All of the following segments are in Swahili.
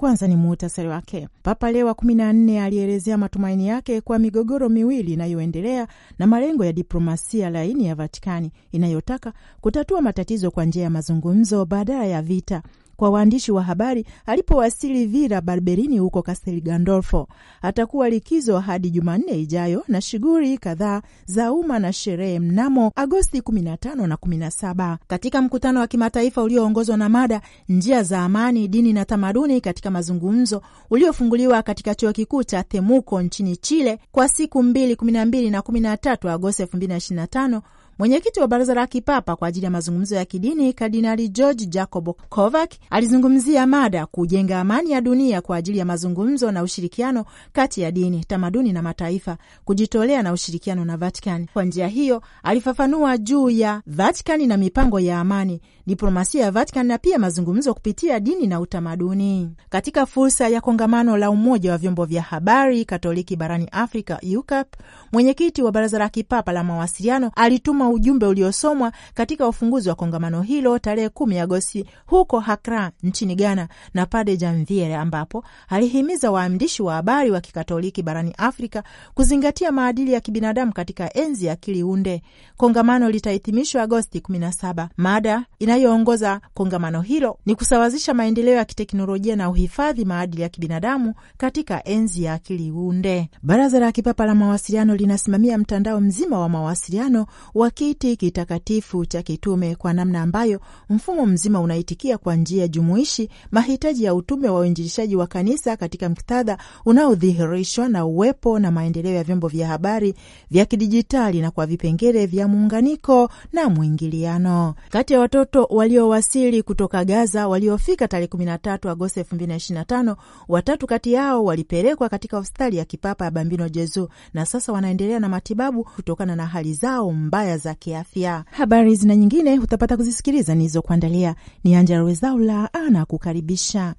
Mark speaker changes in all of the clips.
Speaker 1: kwanza ni muhtasari wake. Papa Leo wa kumi na nne alielezea matumaini yake kwa migogoro miwili inayoendelea na malengo ya diplomasia laini ya Vatikani inayotaka kutatua matatizo kwa njia ya mazungumzo badala ya vita kwa waandishi wa habari alipowasili Vira Barberini huko Castel Gandolfo. Atakuwa likizo hadi Jumanne ijayo na shughuli kadhaa za umma na sherehe mnamo Agosti 15 na 17 katika mkutano wa kimataifa ulioongozwa na mada njia za amani, dini na tamaduni katika mazungumzo uliofunguliwa katika chuo kikuu cha Temuco nchini Chile kwa siku mbili 12 na 13 Agosti 2025 Mwenyekiti wa baraza la kipapa kwa ajili ya mazungumzo ya kidini Kardinali George Jacob Kovak alizungumzia mada kujenga amani ya dunia kwa ajili ya mazungumzo na ushirikiano kati ya dini, tamaduni na mataifa, kujitolea na ushirikiano na Vatikani. Kwa njia hiyo alifafanua juu ya Vatikani na mipango ya amani, diplomasia ya Vatikani na pia mazungumzo kupitia dini na utamaduni. Katika fursa ya kongamano la Umoja wa Vyombo vya Habari Katoliki barani Afrika, UCAP, mwenyekiti wa baraza la kipapa la mawasiliano alituma ujumbe uliosomwa katika ufunguzi wa kongamano hilo tarehe kumi Agosti huko hakra nchini Ghana na Pade Janviere, ambapo alihimiza waandishi wa habari wa kikatoliki barani Afrika kuzingatia maadili ya kibinadamu katika enzi ya kiliunde. Kongamano litahitimishwa Agosti 17. Mada inayoongoza kongamano hilo ni kusawazisha maendeleo ya kiteknolojia na uhifadhi maadili ya kibinadamu katika enzi ya kiliunde Baraza la Kipapa la Mawasiliano linasimamia mtandao mzima wa mawasiliano wa kiti kitakatifu cha kitume kwa namna ambayo mfumo mzima unaitikia kwa njia jumuishi mahitaji ya utume wa uinjilishaji wa kanisa katika muktadha unaodhihirishwa na uwepo na maendeleo ya vyombo vya habari vya kidijitali na kwa vipengele vya muunganiko na mwingiliano kati ya watoto waliowasili kutoka Gaza waliofika tarehe 13 Agosti 2025. Watatu kati yao walipelekwa katika hospitali ya kipapa ya Bambino Jezu na sasa wanaendelea na matibabu kutokana na hali zao mbaya za kiafya. Habari zina nyingine hutapata kuzisikiliza nilizokuandalia. Ni Anja Rwezaula ana kukaribisha.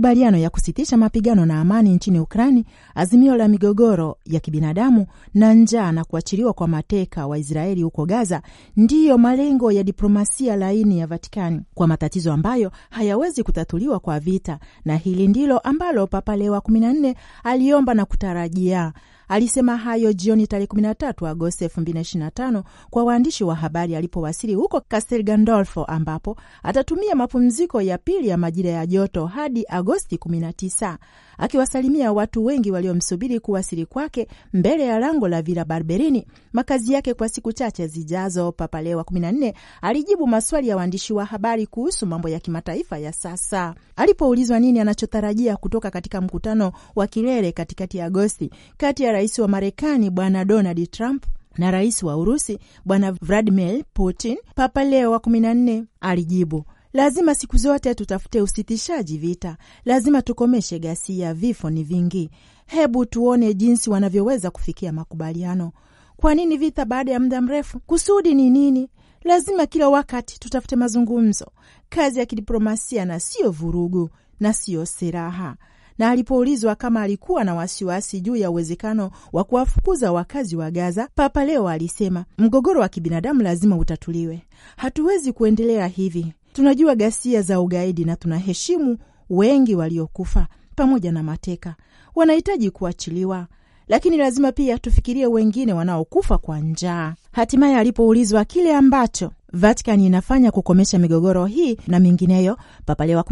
Speaker 1: makubaliano ya kusitisha mapigano na amani nchini Ukraini, azimio la migogoro ya kibinadamu na njaa na kuachiliwa kwa mateka wa Israeli huko Gaza ndiyo malengo ya diplomasia laini ya Vatikani kwa matatizo ambayo hayawezi kutatuliwa kwa vita, na hili ndilo ambalo Papa Leo wa 14 aliomba na kutarajia Alisema hayo jioni tarehe 13 Agosti 2025 kwa waandishi wa habari alipowasili huko Castel Gandolfo, ambapo atatumia mapumziko ya pili ya majira ya joto hadi Agosti 19, akiwasalimia watu wengi waliomsubiri kuwasili kwake mbele ya lango la Villa Barberini, makazi yake kwa siku chache zijazo. Papa Leo wa 14 alijibu maswali ya waandishi wa habari kuhusu mambo ya kimataifa ya sasa. Alipoulizwa nini anachotarajia kutoka katika mkutano wa kilele katikati ya Agosti kati ya rais wa Marekani Bwana Donald Trump na rais wa Urusi Bwana Vladimir Putin, Papa Leo wa kumi na nne alijibu Lazima siku zote tutafute usitishaji vita, lazima tukomeshe ghasia. Vifo ni vingi, hebu tuone jinsi wanavyoweza kufikia makubaliano. Kwa nini vita baada ya muda mrefu? Kusudi ni nini? Lazima kila wakati tutafute mazungumzo, kazi ya kidiplomasia, na siyo vurugu na siyo silaha na alipoulizwa kama alikuwa na wasiwasi juu ya uwezekano wa kuwafukuza wakazi wa Gaza, Papa Leo alisema mgogoro wa kibinadamu lazima utatuliwe. Hatuwezi kuendelea hivi. Tunajua ghasia za ugaidi na tunaheshimu wengi waliokufa pamoja na mateka, wanahitaji kuachiliwa, lakini lazima pia tufikirie wengine wanaokufa kwa njaa hatimaye alipoulizwa kile ambacho Vatikani inafanya kukomesha migogoro hii na mingineyo, Papa Leo wa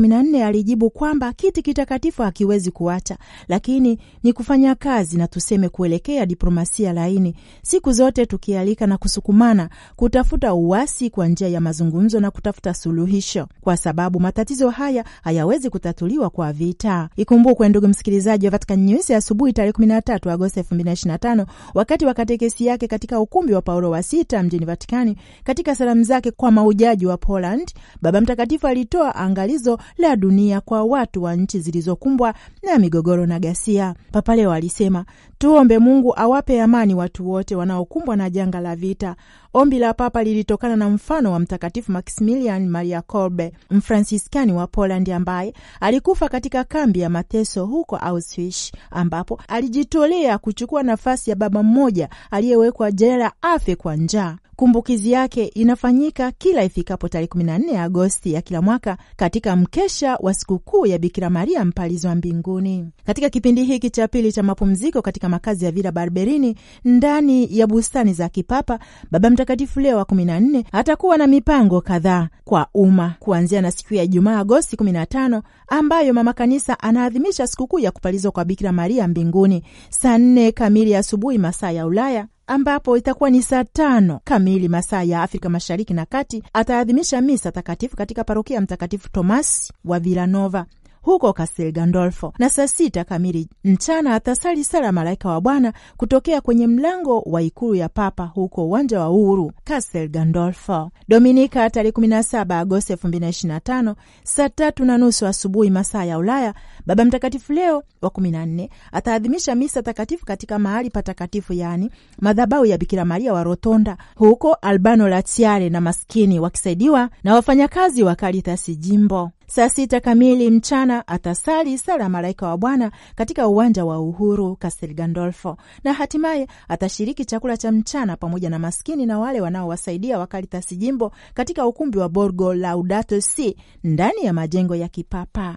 Speaker 1: alijibu kwamba kiti kitakatifu hakiwezi kuacha, lakini ni kufanya kazi na tuseme, kuelekea diplomasia laini, siku zote tukialika na kusukumana kutafuta uasi kwa njia ya mazungumzo na kutafuta suluhisho, kwa sababu matatizo haya hayawezi kutatuliwa kwa vita. Ikumbukwe ndugu msikilizaji wa Vatican News, asubuhi tarehe 13 Agosti 2025 wakati wa katekesi yake katika ukumbi wa Paulo Paulo wa Sita mjini Vatikani, katika salamu zake kwa maujaji wa Poland, Baba Mtakatifu alitoa angalizo la dunia kwa watu wa nchi zilizokumbwa na migogoro na ghasia. Papa Leo alisema tuombe Mungu awape amani watu wote wanaokumbwa na janga la vita. Ombi la Papa lilitokana na mfano wa Mtakatifu Maximilian Maria Kolbe, Mfransiskani wa Poland ambaye alikufa katika kambi ya mateso huko Auschwitz, ambapo alijitolea kuchukua nafasi ya baba mmoja aliyewekwa jela afe kwa njaa. Kumbukizi yake inafanyika kila ifikapo tarehe 14 Agosti ya kila mwaka katika mkesha wa sikukuu ya Bikira Maria mpalizwa mbinguni. Katika kipindi hiki cha pili cha mapumziko katika makazi ya Villa Barberini ndani ya bustani za kipapa, Baba Mtakatifu Leo wa 14 atakuwa na mipango kadhaa kwa umma kuanzia na siku ya Ijumaa Agosti 15 ambayo Mama Kanisa anaadhimisha sikukuu ya kupalizwa kwa Bikira Maria mbinguni, saa nne kamili asubuhi masaa ya Ulaya ambapo itakuwa ni saa tano kamili masaa ya Afrika Mashariki na Kati, ataadhimisha misa takatifu katika parokia ya Mtakatifu Tomasi wa Vilanova huko Castel Gandolfo, na saa sita kamili mchana atasali sala malaika wa Bwana kutokea kwenye mlango wa ikulu ya Papa huko uwanja wa Uhuru, Castel Gandolfo. Dominika tarehe 17 Agosti 2025 saa tatu na nusu asubuhi masaa ya Ulaya, Baba Mtakatifu Leo wa 14 ataadhimisha misa takatifu katika mahali patakatifu, yaani madhabau ya Bikira Maria wa Rotonda huko Albano Laziale, na maskini wakisaidiwa na wafanyakazi wa Karitasi jimbo Saa sita kamili mchana atasali sala ya malaika wa Bwana katika uwanja wa Uhuru, Castel Gandolfo, na hatimaye atashiriki chakula cha mchana pamoja na maskini na wale wanaowasaidia Wakaritasi jimbo katika ukumbi wa Borgo Laudato Si ndani ya majengo ya kipapa.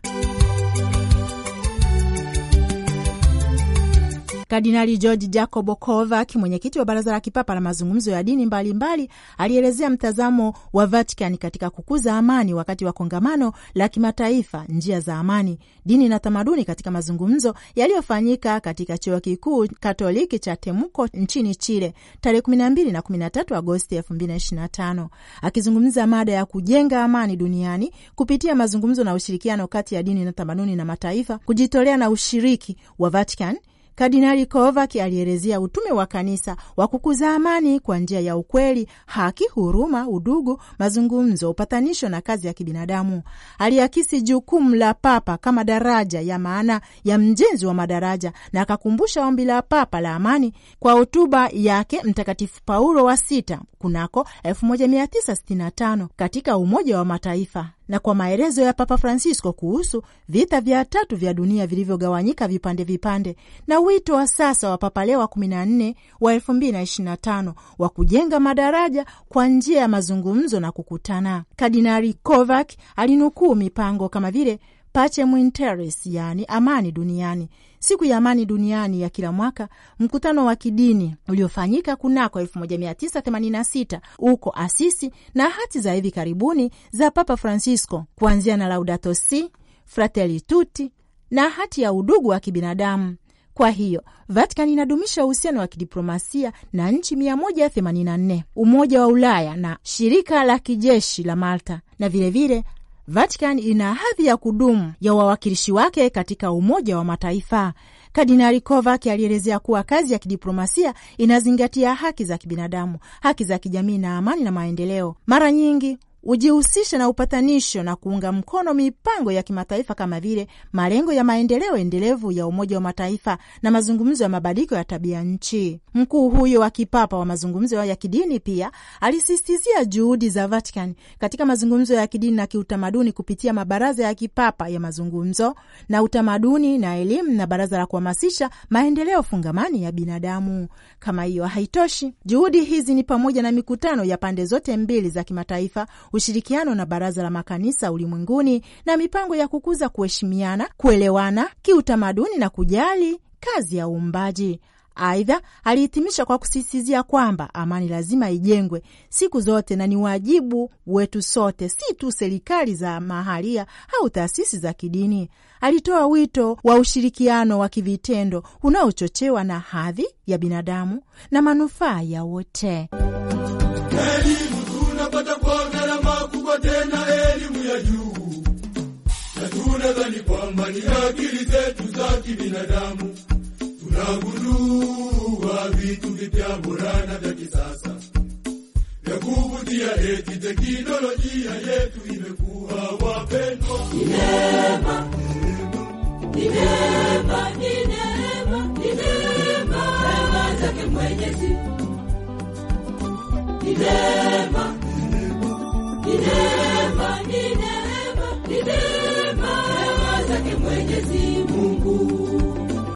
Speaker 1: Kardinali George Jacobo Kovak, mwenyekiti wa Baraza la Kipapa la Mazungumzo ya Dini Mbalimbali, alielezea mtazamo wa Vatican katika kukuza amani wakati wa kongamano la kimataifa njia za amani, dini na tamaduni katika mazungumzo yaliyofanyika katika chuo kikuu Katoliki cha Temuco nchini Chile tarehe 12 na 13 Agosti 2025. Akizungumza mada ya kujenga amani duniani kupitia mazungumzo na ushirikiano kati ya dini na tamaduni na mataifa, kujitolea na ushiriki wa Vatican Kardinali Kovak alielezea utume wa kanisa wa kukuza amani kwa njia ya ukweli, haki, huruma, udugu, mazungumzo, upatanisho na kazi ya kibinadamu. Aliakisi jukumu la Papa kama daraja ya maana ya mjenzi wa madaraja na akakumbusha ombi la Papa la amani kwa hotuba yake Mtakatifu Paulo wa sita kunako 1965 katika Umoja wa Mataifa na kwa maelezo ya Papa Francisco kuhusu vita vya tatu vya dunia vilivyogawanyika vipande vipande, na wito wa sasa wa Papa Leo wa 14 wa 2025 wa kujenga madaraja kwa njia ya mazungumzo na kukutana. Kardinali Kovac alinukuu mipango kama vile Pacem Mwinteres, yani amani duniani. Siku ya amani duniani ya kila mwaka, mkutano wa kidini uliofanyika kunako 1986 huko Asisi, na hati za hivi karibuni za Papa Francisco kuanzia na Laudato Si, Fratelli Tutti na hati ya udugu wa kibinadamu. Kwa hiyo Vatican inadumisha uhusiano wa kidiplomasia na nchi 184, Umoja wa Ulaya na shirika la kijeshi la Malta na vilevile vile, Vatican ina hadhi ya kudumu ya wawakilishi wake katika Umoja wa Mataifa. Kardinali Kovak alielezea kuwa kazi ya kidiplomasia inazingatia haki za kibinadamu, haki za kijamii na amani na maendeleo. Mara nyingi ujihusishe na upatanisho na kuunga mkono mipango ya kimataifa kama vile malengo ya maendeleo endelevu ya Umoja wa Mataifa na mazungumzo ya mabadiliko ya tabia nchi. Mkuu huyo wa kipapa wa mazungumzo ya kidini pia alisisitizia juhudi za Vatican katika mazungumzo ya kidini na kiutamaduni kupitia mabaraza ya kipapa ya mazungumzo na utamaduni na elimu na baraza la kuhamasisha maendeleo fungamani ya binadamu. Kama hiyo haitoshi, juhudi hizi ni pamoja na mikutano ya pande zote mbili za kimataifa ushirikiano na Baraza la Makanisa Ulimwenguni na mipango ya kukuza kuheshimiana, kuelewana kiutamaduni na kujali kazi ya uumbaji. Aidha, alihitimisha kwa kusisitizia kwamba amani lazima ijengwe siku zote na ni wajibu wetu sote, si tu serikali za mahalia au taasisi za kidini. Alitoa wito wa ushirikiano wa kivitendo unaochochewa na hadhi ya binadamu na manufaa ya wote
Speaker 2: tena elimu ya juu, na tunadhani kwamba ni akili zetu za kibinadamu. Tunagundua vitu vipya bora vya kisasa vya kuvutia, eti teknolojia yetu imekuwa wapendwa, Mwenyezi,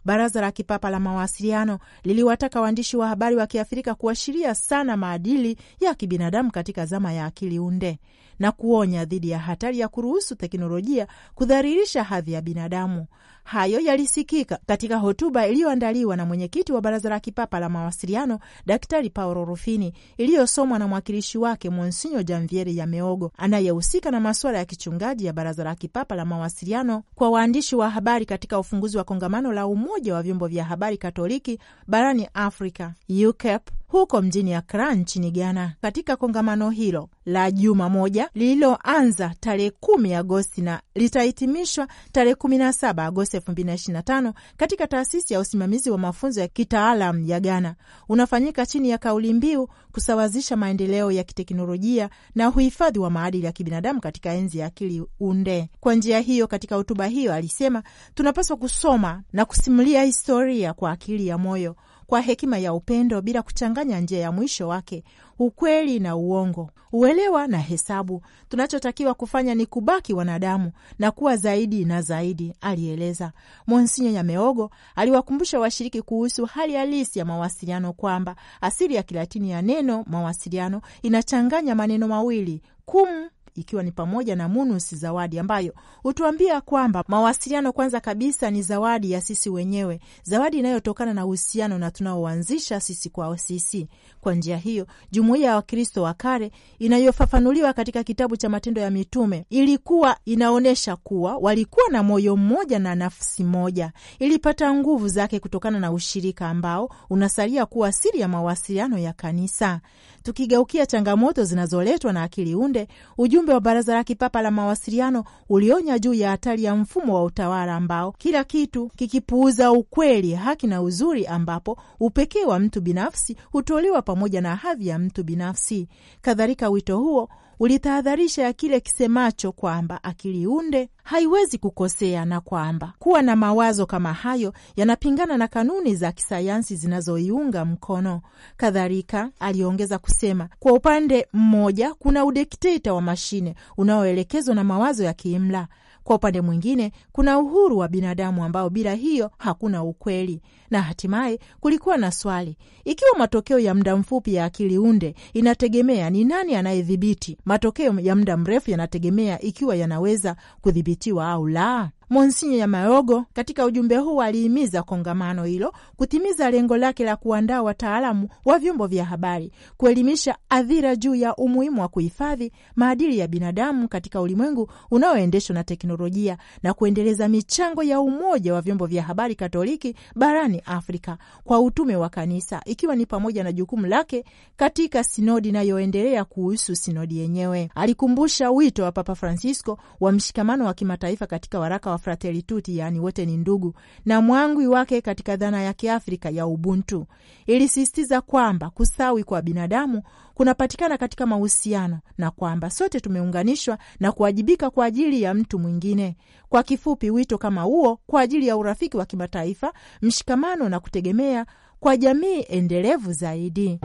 Speaker 1: Baraza la Kipapa la Mawasiliano liliwataka waandishi wa habari wa Kiafrika kuashiria sana maadili ya kibinadamu katika zama ya akili unde na kuonya dhidi ya hatari ya kuruhusu teknolojia kudhalilisha hadhi ya binadamu. Hayo yalisikika katika hotuba iliyoandaliwa na mwenyekiti wa Baraza la Kipapa la Mawasiliano, Daktari Paolo Rufini, iliyosomwa na mwakilishi wake Monsinyo Janvieri ya Meogo, anayehusika na masuala ya kichungaji ya Baraza la Kipapa la Mawasiliano, kwa waandishi wa habari katika ufunguzi wa kongamano la Umoja wa Vyombo vya Habari Katoliki barani Afrika UCAP e huko mjini Akra nchini Ghana, katika kongamano hilo la juma moja lililoanza tarehe kumi Agosti na litahitimishwa tarehe kumi na saba Agosti 2025 katika taasisi ya usimamizi wa mafunzo ya kitaalam ya Ghana unafanyika chini ya kauli mbiu kusawazisha maendeleo ya kiteknolojia na uhifadhi wa maadili ya kibinadamu katika enzi ya akili unde. Kwa njia hiyo, katika hotuba hiyo alisema, tunapaswa kusoma na kusimulia historia kwa akili ya moyo kwa hekima ya upendo bila kuchanganya njia ya mwisho wake ukweli na uongo, uelewa na hesabu. Tunachotakiwa kufanya ni kubaki wanadamu na kuwa zaidi na zaidi, alieleza Monsinyo Nyameogo. Aliwakumbusha washiriki kuhusu hali halisi ya mawasiliano kwamba asili ya Kilatini ya neno mawasiliano inachanganya maneno mawili kum ikiwa ni pamoja na Munus Zawadi, ambayo hutuambia kwamba mawasiliano kwanza kabisa ni zawadi ya sisi wenyewe, zawadi inayotokana na uhusiano na tunaoanzisha sisi kwa sisi. Kwa njia hiyo, jumuiya ya Wakristo wa kale inayofafanuliwa katika kitabu cha Matendo ya Mitume ilikuwa inaonyesha kuwa walikuwa na moyo mmoja na nafsi moja, ilipata nguvu zake kutokana na ushirika ambao unasalia kuwa siri ya mawasiliano ya kanisa. Tukigeukia changamoto zinazoletwa na akili unde, ujumbe Ujumbe wa Baraza la Kipapa la Mawasiliano ulionya juu ya hatari ya mfumo wa utawala ambao kila kitu kikipuuza ukweli, haki na uzuri, ambapo upekee wa mtu binafsi hutolewa pamoja na hadhi ya mtu binafsi. Kadhalika, wito huo ulitahadharisha ya kile kisemacho kwamba akili unde haiwezi kukosea na kwamba kuwa na mawazo kama hayo yanapingana na kanuni za kisayansi zinazoiunga mkono. Kadhalika, aliongeza kusema, kwa upande mmoja kuna udikteta wa mashine unaoelekezwa na mawazo ya kiimla kwa upande mwingine, kuna uhuru wa binadamu ambao bila hiyo hakuna ukweli, na hatimaye kulikuwa na swali ikiwa matokeo ya muda mfupi ya akili unde inategemea ni nani anayedhibiti, matokeo ya muda mrefu yanategemea ikiwa yanaweza kudhibitiwa au la. Monsinyo ya maogo katika ujumbe huu alihimiza kongamano hilo kutimiza lengo lake la kuandaa wataalamu wa vyombo vya habari kuelimisha adhira juu ya umuhimu wa kuhifadhi maadili ya binadamu katika ulimwengu unaoendeshwa na teknolojia na kuendeleza michango ya umoja wa vyombo vya habari Katoliki barani Afrika kwa utume wa Kanisa, ikiwa ni pamoja na jukumu lake katika sinodi inayoendelea kuhusu sinodi yenyewe. Alikumbusha wito wa Papa Francisco wa mshikamano wa kimataifa katika waraka wa Fratelituti, yaani wote ni ndugu, na mwangwi wake katika dhana ya Kiafrika ya Ubuntu ilisisitiza kwamba kusawi kwa binadamu kunapatikana katika mahusiano na kwamba sote tumeunganishwa na kuwajibika kwa ajili ya mtu mwingine. Kwa kifupi, wito kama huo kwa ajili ya urafiki wa kimataifa, mshikamano na kutegemea kwa jamii endelevu zaidi.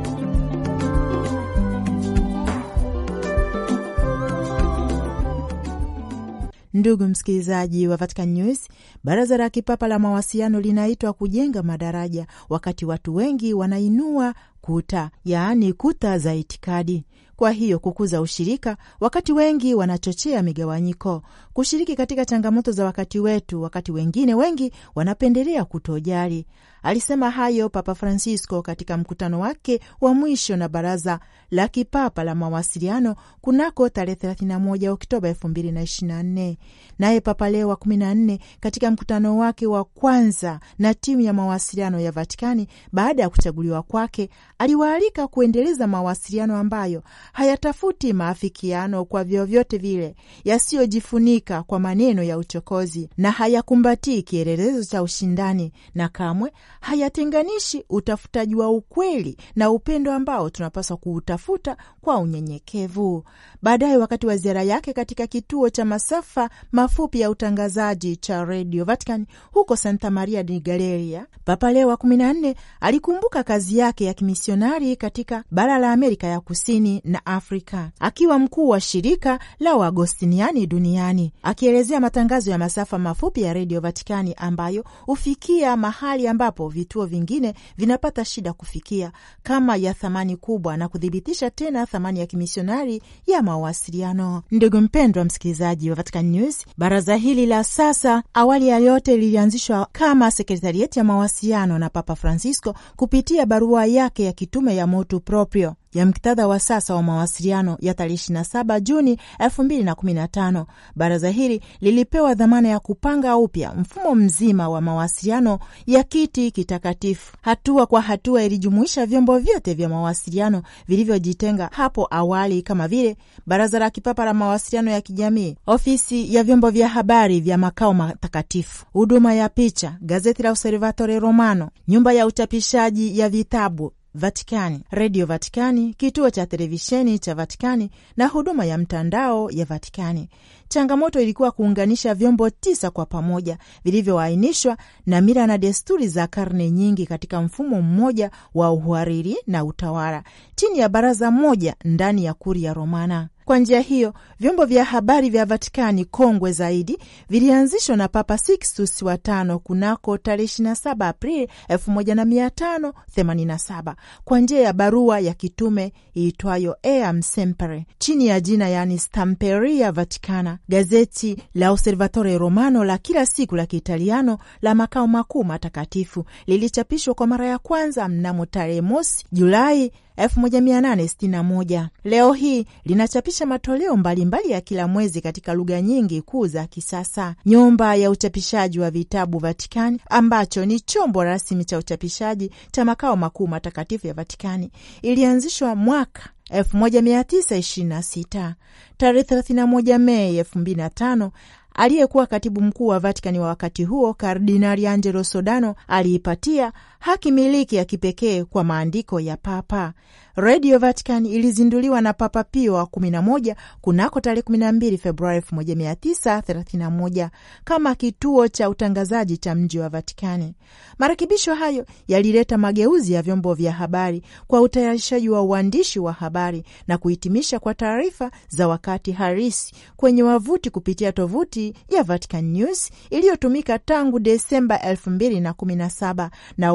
Speaker 1: Ndugu msikilizaji wa Vatican News, baraza la kipapa la mawasiliano linaitwa kujenga madaraja, wakati watu wengi wanainua kuta, yaani kuta za itikadi. Kwa hiyo kukuza ushirika, wakati wengi wanachochea migawanyiko, kushiriki katika changamoto za wakati wetu, wakati wengine wengi wanapendelea kutojali. Alisema hayo Papa Francisco katika mkutano wake wa mwisho na Baraza la Kipapa la Mawasiliano kunako tarehe 31 Oktoba 2024. Naye Papa Leo wa 14 katika mkutano wake wa kwanza na timu ya mawasiliano ya Vatikani baada ya kuchaguliwa kwake aliwaalika kuendeleza mawasiliano ambayo hayatafuti maafikiano kwa vyovyote vile, yasiyojifunika kwa maneno ya uchokozi na hayakumbatii kielelezo cha ushindani na kamwe hayatenganishi utafutaji wa ukweli na upendo ambao tunapaswa kuutafuta kwa unyenyekevu. Baadaye, wakati wa ziara yake katika kituo cha masafa mafupi ya utangazaji cha Radio Vatican huko Santa Maria di Galeria, Papa Leo wa 14 alikumbuka kazi yake ya kimisionari katika bara la Amerika ya Kusini na Afrika, akiwa mkuu wa shirika la uagostiniani duniani, akielezea matangazo ya masafa mafupi ya Radio vaticani ambayo hufikia mahali ambapo ambapo vituo vingine vinapata shida kufikia kama ya thamani kubwa na kuthibitisha tena thamani ya kimisionari ya mawasiliano. Ndugu mpendwa msikilizaji wa Vatican News, baraza hili la sasa awali ya yote lilianzishwa kama sekretarieti ya mawasiliano na Papa Francisco kupitia barua yake ya kitume ya motu proprio ya mktadha wa sasa wa mawasiliano ya tarehe 27 Juni 2015. Baraza hili lilipewa dhamana ya kupanga upya mfumo mzima wa mawasiliano ya kiti kitakatifu. Hatua kwa hatua, ilijumuisha vyombo vyote vya mawasiliano vilivyojitenga hapo awali kama vile Baraza la Kipapa la Mawasiliano ya Kijamii, ofisi ya vyombo vya habari vya makao matakatifu, huduma ya picha, gazeti la Osservatore Romano, nyumba ya uchapishaji ya vitabu Vatikani, Redio Vatikani, kituo cha televisheni cha Vatikani na huduma ya mtandao ya Vatikani. Changamoto ilikuwa kuunganisha vyombo tisa kwa pamoja vilivyoainishwa na mila na desturi za karne nyingi katika mfumo mmoja wa uhariri na utawala chini ya baraza moja ndani ya Kuria Romana. Kwa njia hiyo vyombo vya habari vya Vatikani kongwe zaidi vilianzishwa na Papa Sixtus wa tano kunako tarehe 27 Aprili 1587 kwa njia ya barua ya kitume iitwayo Eam Semper chini ya jina yani Stamperia Vaticana gazeti la Osservatore Romano la kila siku la Kiitaliano la makao makuu matakatifu lilichapishwa kwa mara ya kwanza mnamo tarehe mosi Julai 1861. Leo hii linachapisha matoleo mbalimbali mbali ya kila mwezi katika lugha nyingi kuu za kisasa. Nyumba ya uchapishaji wa vitabu Vatikani, ambacho ni chombo rasmi cha uchapishaji cha makao makuu matakatifu ya Vatikani, ilianzishwa mwaka 1926 tarehe 31 Mei 2005 aliyekuwa katibu mkuu wa Vatikani wa wakati huo Kardinali Angelo Sodano aliipatia haki miliki ya kipekee kwa maandiko ya Papa. Radio Vatican ilizinduliwa na Papa Pio wa 11 kunako tarehe 12 Februari 1931 kama kituo cha utangazaji cha mji wa Vatikani. Marekebisho hayo yalileta mageuzi ya vyombo vya habari kwa utayarishaji wa uandishi wa habari na kuhitimisha kwa taarifa za wakati halisi kwenye wavuti kupitia tovuti ya Vatican News iliyotumika tangu Desemba 2017 na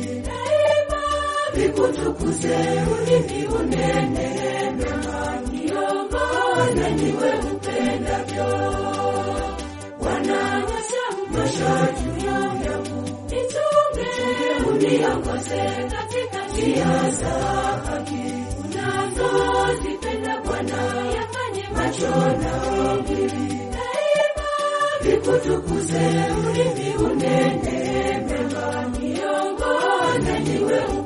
Speaker 2: tukutukuze, ulimi unene mema, ndiyo maana ndiwe upendavyo. Bwana macho juu yangu, nitunge uniongoze katika njia za haki unazozipenda Bwana, yafanye macho yangu daima vikutukuze, ulimi unene mema, ndiyo maana ndiwe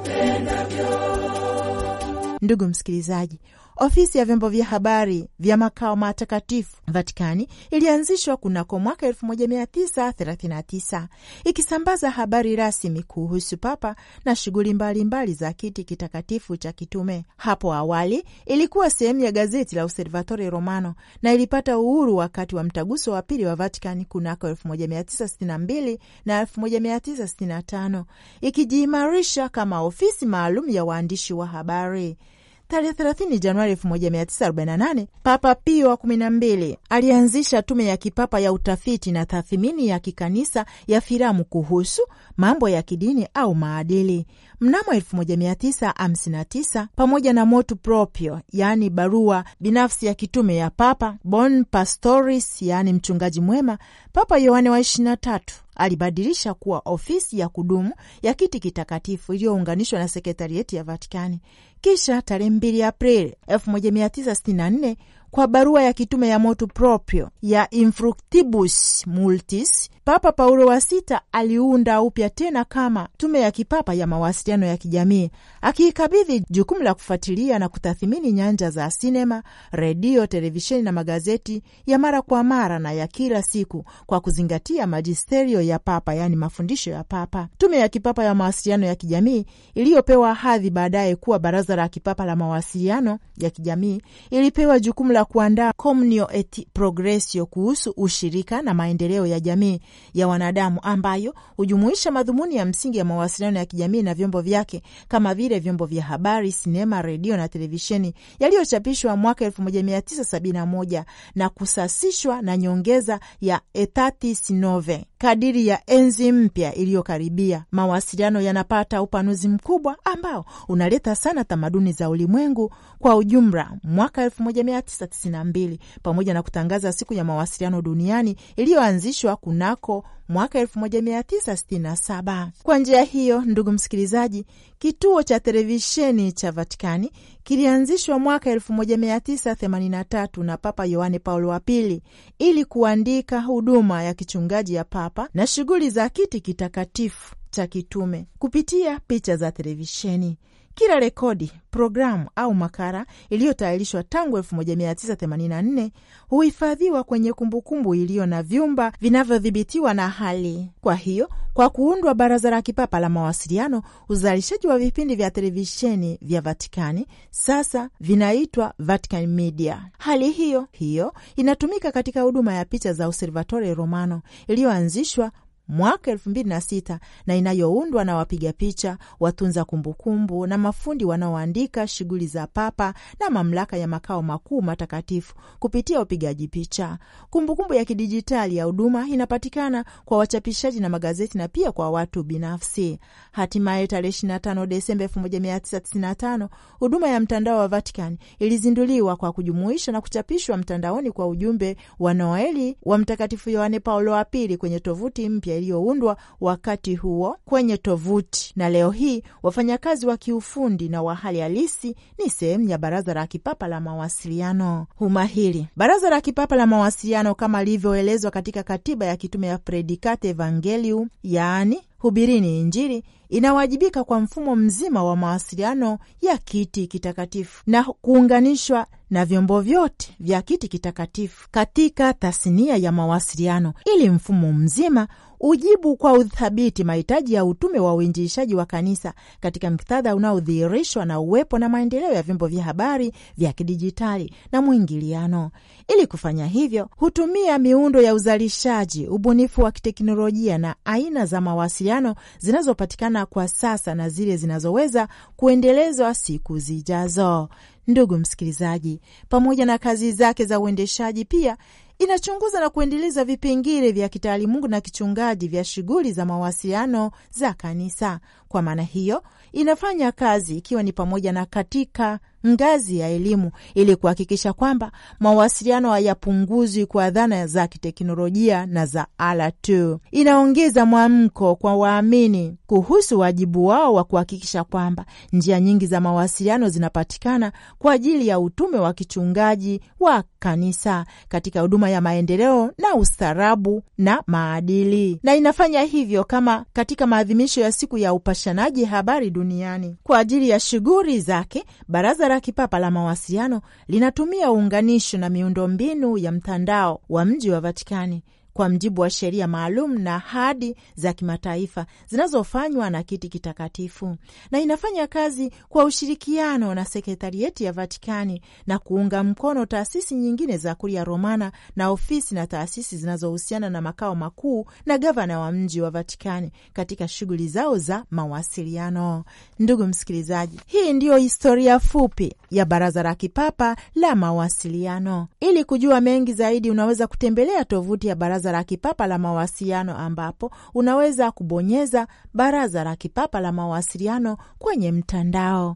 Speaker 1: Ndugu msikilizaji Ofisi ya vyombo vya habari vya makao matakatifu Vatikani ilianzishwa kunako mwaka 1939 ikisambaza habari rasmi kuhusu Papa na shughuli mbalimbali za kiti kitakatifu cha kitume. Hapo awali ilikuwa sehemu ya gazeti la Osservatore Romano na ilipata uhuru wakati wa mtaguso wa pili wa Vatikani kunako 1962 na 1965 ikijiimarisha kama ofisi maalum ya waandishi wa habari. Tarehe 30 Januari 1948 Papa Pio wa 12 alianzisha tume ya kipapa ya utafiti na tathmini ya kikanisa ya filamu kuhusu mambo ya kidini au maadili. Mnamo 1959 pamoja na motu proprio, yaani barua binafsi ya kitume ya Papa Bon Pastoris, yaani mchungaji mwema, Papa Yohane wa 23 alibadilisha kuwa ofisi ya kudumu ya kiti kitakatifu iliyounganishwa na sekretarieti ya Vatikani kisha tarehe mbili Aprili 1964 kwa barua ya kitume ya motu proprio ya Infructibus Multis, Papa Paulo wa Sita aliunda upya tena kama tume ya kipapa ya mawasiliano ya kijamii, akiikabidhi jukumu la kufuatilia na kutathimini nyanja za sinema, redio, televisheni na magazeti ya mara kwa mara na ya kila siku kwa kuzingatia majisterio ya Papa, yaani mafundisho ya Papa. Tume ya kipapa ya mawasiliano ya kijamii iliyopewa hadhi baadaye kuwa baraza Baraza la Kipapa la Mawasiliano ya Kijamii ilipewa jukumu la kuandaa Communio et Progressio kuhusu ushirika na maendeleo ya jamii ya wanadamu ambayo hujumuisha madhumuni ya msingi ya mawasiliano ya kijamii na vyombo vyake kama vile vyombo vya habari, sinema, redio na televisheni yaliyochapishwa mwaka 1971 na kusasishwa na nyongeza ya Etatis Nove kadiri ya enzi mpya iliyokaribia. Mawasiliano yanapata upanuzi mkubwa ambao unaleta sana thamani tamaduni za ulimwengu kwa ujumla mwaka 1992 pamoja na kutangaza siku ya mawasiliano duniani iliyoanzishwa kunako mwaka 1967. Kwa njia hiyo, ndugu msikilizaji, kituo cha televisheni cha Vatikani kilianzishwa mwaka 1983 na Papa Yohane Paulo wa Pili ili kuandika huduma ya kichungaji ya Papa na shughuli za kiti kitakatifu cha kitume kupitia picha za televisheni. Kila rekodi, programu au makara iliyotayarishwa tangu 1984 huhifadhiwa kwenye kumbukumbu iliyo na vyumba vinavyodhibitiwa na hali. Kwa hiyo, kwa kuundwa Baraza la Kipapa la Mawasiliano, uzalishaji wa vipindi vya televisheni vya Vatikani sasa vinaitwa Vatican Media. Hali hiyo hiyo inatumika katika huduma ya picha za Osservatore Romano iliyoanzishwa mwaka elfu mbili na sita na inayoundwa na wapiga picha, watunza kumbukumbu na mafundi wanaoandika shughuli za Papa na mamlaka ya makao makuu matakatifu kupitia upigaji picha. Kumbukumbu ya kidijitali ya huduma inapatikana kwa wachapishaji na magazeti na pia kwa watu binafsi. Hatimaye tarehe 25 Desemba 1995 huduma ya mtandao wa Vatican ilizinduliwa kwa kujumuisha na kuchapishwa mtandaoni kwa ujumbe wa Noeli wa Mtakatifu Yohane Paulo wa Pili kwenye tovuti mpya yaliyoundwa wakati huo kwenye tovuti, na leo hii wafanyakazi wa kiufundi na wa hali halisi ni sehemu ya Baraza la Kipapa la Mawasiliano umahili Baraza la Kipapa la Mawasiliano kama lilivyoelezwa katika katiba ya kitume ya Predikate Evangelium, yaani Hubirini Injili inawajibika kwa mfumo mzima wa mawasiliano ya kiti kitakatifu na kuunganishwa na vyombo vyote vya kiti kitakatifu katika tasnia ya mawasiliano, ili mfumo mzima ujibu kwa uthabiti mahitaji ya utume wa uinjilishaji wa kanisa katika muktadha unaodhihirishwa na uwepo na maendeleo ya vyombo vya habari vya kidijitali na mwingiliano. Ili kufanya hivyo, hutumia miundo ya uzalishaji, ubunifu wa kiteknolojia na aina za mawasiliano makubaliano zinazopatikana kwa sasa na zile zinazoweza kuendelezwa siku zijazo. Ndugu msikilizaji, pamoja na kazi zake za uendeshaji, pia inachunguza na kuendeleza vipengele vya kitaalimungu na kichungaji vya shughuli za mawasiliano za kanisa. Kwa maana hiyo, inafanya kazi ikiwa ni pamoja na katika ngazi ya elimu ili kuhakikisha kwamba mawasiliano hayapunguzwi kwa dhana za kiteknolojia na za ala tu. Inaongeza mwamko kwa waamini kuhusu wajibu wao wa kuhakikisha kwamba njia nyingi za mawasiliano zinapatikana kwa ajili ya utume wa kichungaji wa kanisa katika huduma ya maendeleo na ustarabu na maadili, na inafanya hivyo kama katika maadhimisho ya siku ya upashanaji habari duniani kwa ajili ya shughuli zake baraza la kipapa la mawasiliano linatumia uunganisho na miundombinu ya mtandao wa mji wa Vatikani kwa mjibu wa sheria maalum na hadi za kimataifa zinazofanywa na Kiti Kitakatifu, na inafanya kazi kwa ushirikiano na sekretarieti ya Vatikani na kuunga mkono taasisi nyingine za Kuria Romana na ofisi na taasisi zinazohusiana na makao makuu na gavana wa mji wa Vatikani katika shughuli zao za mawasiliano. Ndugu msikilizaji, hii ndiyo historia fupi ya Baraza la Kipapa la Mawasiliano. Ili kujua mengi zaidi, unaweza kutembelea tovuti ya Baraza Baraza la Kipapa la Mawasiliano, ambapo unaweza kubonyeza Baraza la Kipapa la Mawasiliano kwenye mtandao.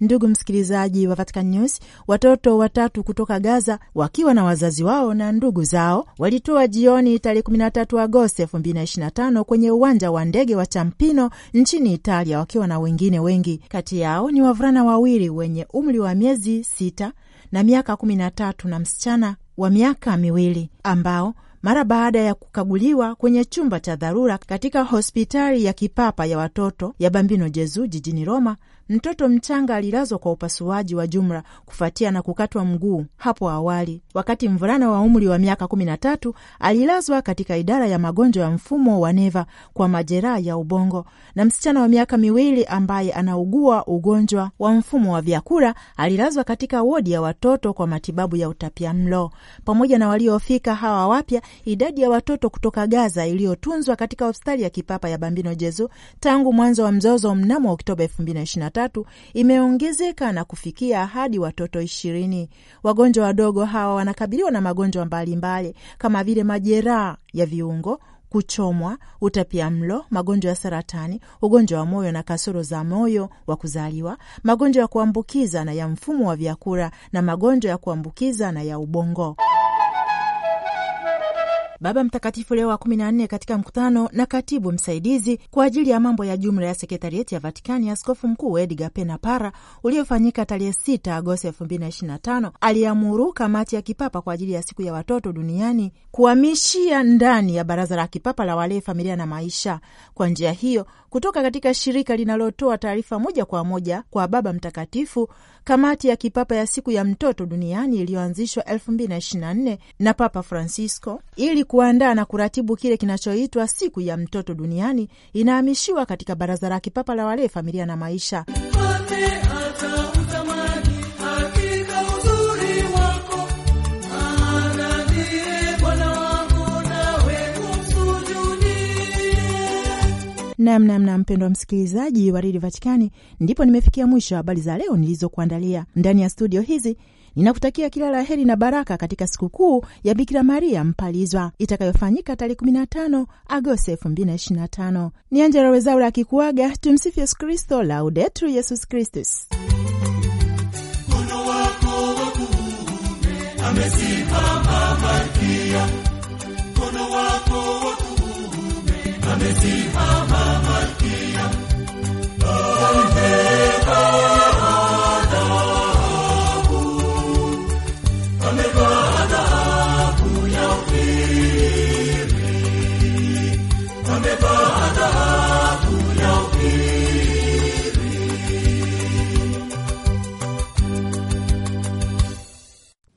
Speaker 1: Ndugu msikilizaji wa Vatican News, watoto watatu kutoka Gaza wakiwa na wazazi wao na ndugu zao walitoa jioni tarehe 13 Agosti 2025 kwenye uwanja wa ndege wa Champino nchini Italia, wakiwa na wengine wengi. Kati yao ni wavulana wawili wenye umri wa miezi sita na miaka kumi na tatu na msichana wa miaka miwili ambao mara baada ya kukaguliwa kwenye chumba cha dharura katika hospitali ya kipapa ya watoto ya Bambino Jezu jijini Roma Mtoto mchanga alilazwa kwa upasuaji wa jumla kufuatia na kukatwa mguu hapo awali, wakati mvulana wa umri wa miaka kumi na tatu alilazwa katika idara ya magonjwa ya mfumo wa neva kwa majeraha ya ubongo, na msichana wa miaka miwili ambaye anaugua ugonjwa wa mfumo wa vyakula alilazwa katika wodi ya watoto kwa matibabu ya utapia mlo Pamoja na waliofika hawa wapya, idadi ya watoto kutoka Gaza iliyotunzwa katika hospitali ya kipapa ya Bambino Jezu tangu mwanzo wa mzozo mnamo Oktoba 2023 tatu imeongezeka na kufikia hadi watoto ishirini. Wagonjwa wadogo hawa wanakabiliwa na magonjwa mbalimbali kama vile majeraha ya viungo kuchomwa, utapia mlo, magonjwa ya saratani, ugonjwa wa moyo na kasoro za moyo wa kuzaliwa, magonjwa ya kuambukiza na ya mfumo wa vyakula na magonjwa ya kuambukiza na ya ubongo. Baba Mtakatifu Leo wa 14 katika mkutano na katibu msaidizi kwa ajili ya mambo ya jumla ya sekretarieti ya Vatikani, Askofu Mkuu Edgar Pena Para, uliofanyika tarehe 6 Agosti 2025 aliamuru kamati ya kipapa kwa ajili ya siku ya watoto duniani kuhamishia ndani ya baraza la kipapa la walei, familia na maisha, kwa njia hiyo kutoka katika shirika linalotoa taarifa moja kwa moja kwa Baba Mtakatifu Kamati ya kipapa ya siku ya mtoto duniani iliyoanzishwa 2024 na Papa Francisco ili kuandaa na kuratibu kile kinachoitwa siku ya mtoto duniani inahamishiwa katika baraza la kipapa la walei, familia na maisha
Speaker 2: Mame,
Speaker 1: Namnamna mpendwa msikilizaji wa redio Vatikani, ndipo nimefikia mwisho habari za leo nilizokuandalia ndani ya studio hizi. Ninakutakia kila la heri na baraka katika sikukuu ya Bikira Maria Mpalizwa itakayofanyika tarehe 15 Agosti 2025. Ni Angela Wezaura akikuaga. Tumsifu Yesu Kristo, Laudetur Yesus Kristus.
Speaker 2: Mkono wako wa kuume amesimama Música